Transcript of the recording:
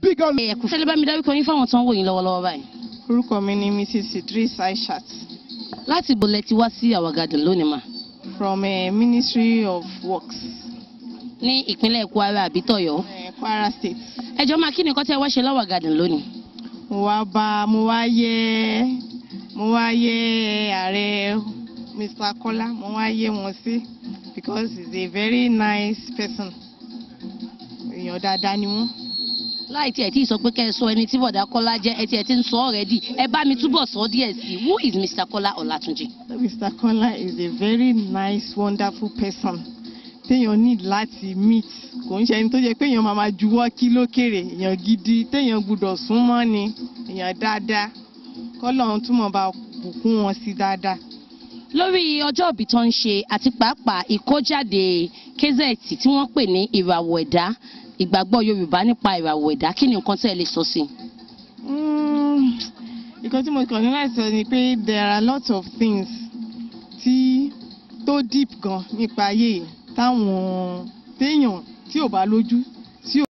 big on. ẹ fẹ́lẹ́ bá mi dárúkọ yín fáwọn tó ń wò lọ́wọ́lọ́wọ́ báyìí. orúkọ mi ni mrs idris aishat. láti bolẹ̀ ti wá sí our garden lónìí mà. from uh, ministry of works. ní ìpínlẹ̀ kwara àbí tọ̀yọ́. Eh, kwara state. ẹjọ́ máa kí ni kọ́tẹ́ wá ṣe lọ́wọ́ garden lónìí. mo wá bá mo wá yẹ mo wá yẹ ààrẹ mr kola mo wá yẹ wọn sí because he is a very nice person èèyàn dáadáa ni wọn láì tiẹ̀ tí ì sọ pé kẹ́ ẹ sọ ẹni tí bọ̀dá Kọ́lá jẹ́ ẹ tiẹ̀ ti ń sọ already ẹ bá mi túbọ̀ sọ díẹ̀ sí i who is Mr. Kola Ọlátúnjí. Mr. Kola is a very nice wonderful person téèyàn need láti meet kò ń ṣe ẹni tó jẹ pé èèyàn máa ma juwọ́ kí lókèrè èèyàn gidi téèyàn gbúdọ̀ sún mọ́ ni èèyàn dáadáa kọ́lọ́run túmọ̀ bá bùkún wọn sí dáadáa. lórí ọjọ́ ìbí tó ń ṣe àti pàápàá ìkójáde kézẹ̀tì tí wọ́n pè ní ìràwọ̀ ẹ̀dá ìgbàgbọ́ Yorùbá nípa ìràwọ̀ ẹ̀dá kí ni nǹkan tẹ́ ẹ lè sọ sí hmm, nǹkan tí mo kàn ní láti sọ ni pé there are lots of things tí tó deep gan nípa ayé táwọn téèyàn tí ò bá lójú tí ò.